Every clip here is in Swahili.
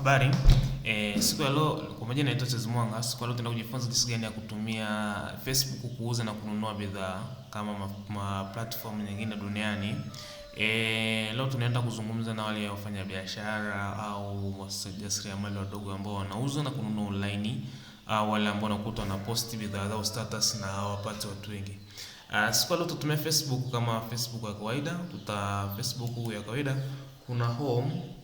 Habari. E, siku ya leo kwa majina naitwa Tezi Mwanga. Siku ya leo tunataka kujifunza jinsi gani ya kutumia Facebook kuuza na kununua bidhaa kama ma, ma platform nyingine duniani. E, leo tunaenda kuzungumza na wale wafanyabiashara au wajasiriamali wadogo ambao wanauza na kununua online au wale ambao wanakuta wanaposti bidhaa zao status na hawapati watu wengi. Uh, siku leo tutumia Facebook kama Facebook ya kawaida, tuta Facebook ya kawaida kuna home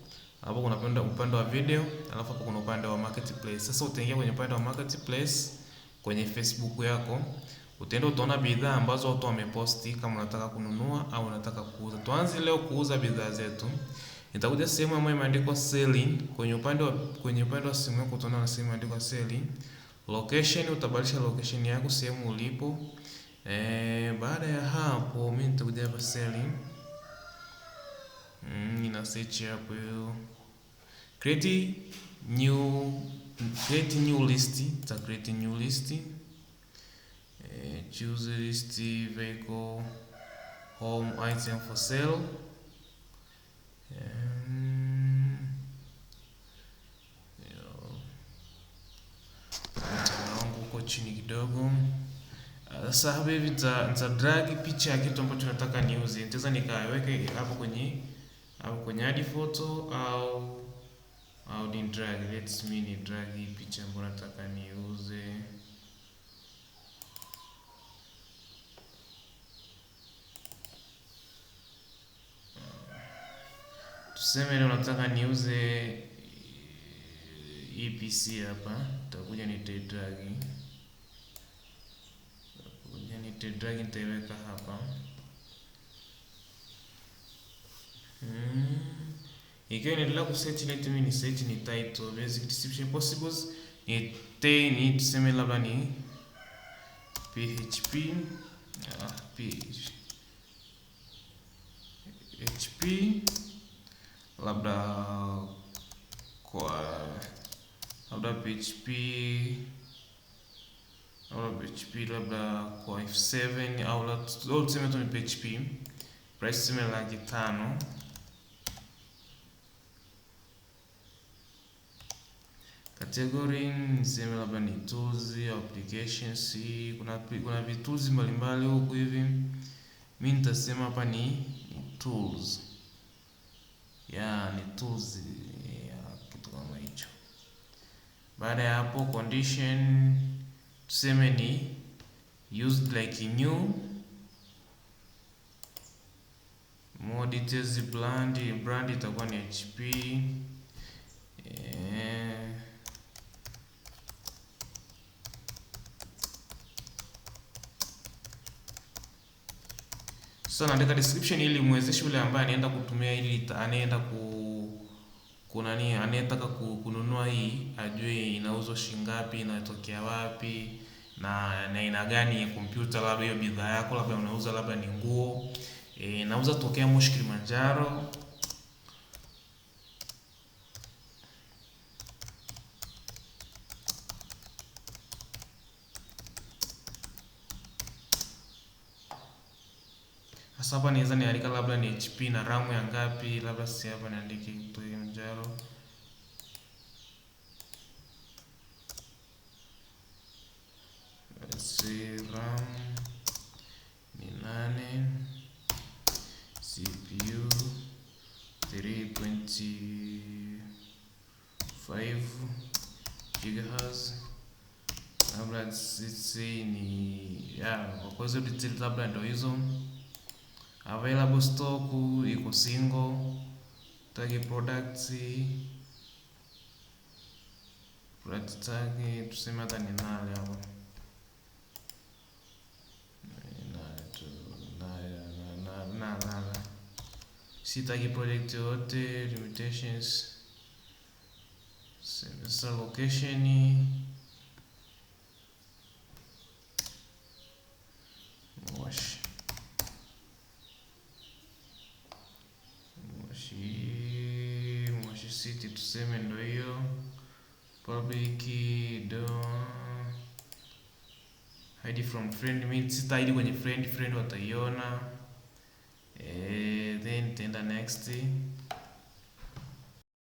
hapo kuna upande wa video, alafu hapo kuna upande wa marketplace. Sasa utaingia kwenye upande wa marketplace kwenye Facebook yako, utaenda utaona bidhaa ambazo watu wameposti, kama unataka kununua au unataka kuuza. Tuanze leo kuuza bidhaa zetu. Nitakuja sehemu ambayo imeandikwa selling. Kwenye upande wa kwenye upande wa simu yako utaona na sehemu imeandikwa selling. Location utabadilisha location yako sehemu ulipo. Eh, baada ya hapo mimi nitakuja hapa selling. Mm, ina search hapo hiyo create new create new list ta create new list uh, choose list vehicle home item for sale um, you chini kidogo ah, sasa hapa hivi nita drag picha ya kitu ambacho nataka niuze. Nitaweza nikaweke hapo kwenye hapo kwenye hadi photo au au ni drag. Let's me ni drag hii picha ambayo nataka niuze Tuseme leo nataka niuze EPC hapa, nitakuja nitaidrag, nitakuja nitaidrag, nitaiweka hapa hmm. Nikiwa inaendelea kusearch, let me ni search ni title basic description possibles, ni te ni tuseme labda ni PHP ah, PHP labda kwa labda PHP labda PHP labda kwa F7 au tuseme tu ni PHP price tuseme laki tano Kategori niseme labda ni tools au applications, kuna kuna vitools mbalimbali huku hivi. Mimi nitasema hapa ni tools. ya ni tools ya kitu kama hicho. Baada ya hapo condition tuseme ni used like new more details brand brand itakuwa ni HP. Yeah. Sasa naandika description ili muwezeshe yule ambaye anaenda kutumia ili anaenda ku kuna nini anayetaka kununua hii ajue inauzwa shilingi ngapi, inatokea wapi na na ina gani ya kompyuta, labda hiyo bidhaa yako labda unauza labda ni nguo e, eh, nauza tokea Moshi Kilimanjaro. Hasa hapa niweza niandika labda ni HP na RAM ya ngapi, labda si hapa niandike Kilimanjaro. Si RAM ni nane, CPU 3.5 GHz labda sisi ni ya kwa hizo digits labda ndio hizo available stock iko single tag products product tag tuseme hata ni nane hapo sitaki project yote limitations sasa location mwashisiti tuseme ndo hiyo public do hide from friend sita hidi kwenye friend friend wataiona eh, then tenda next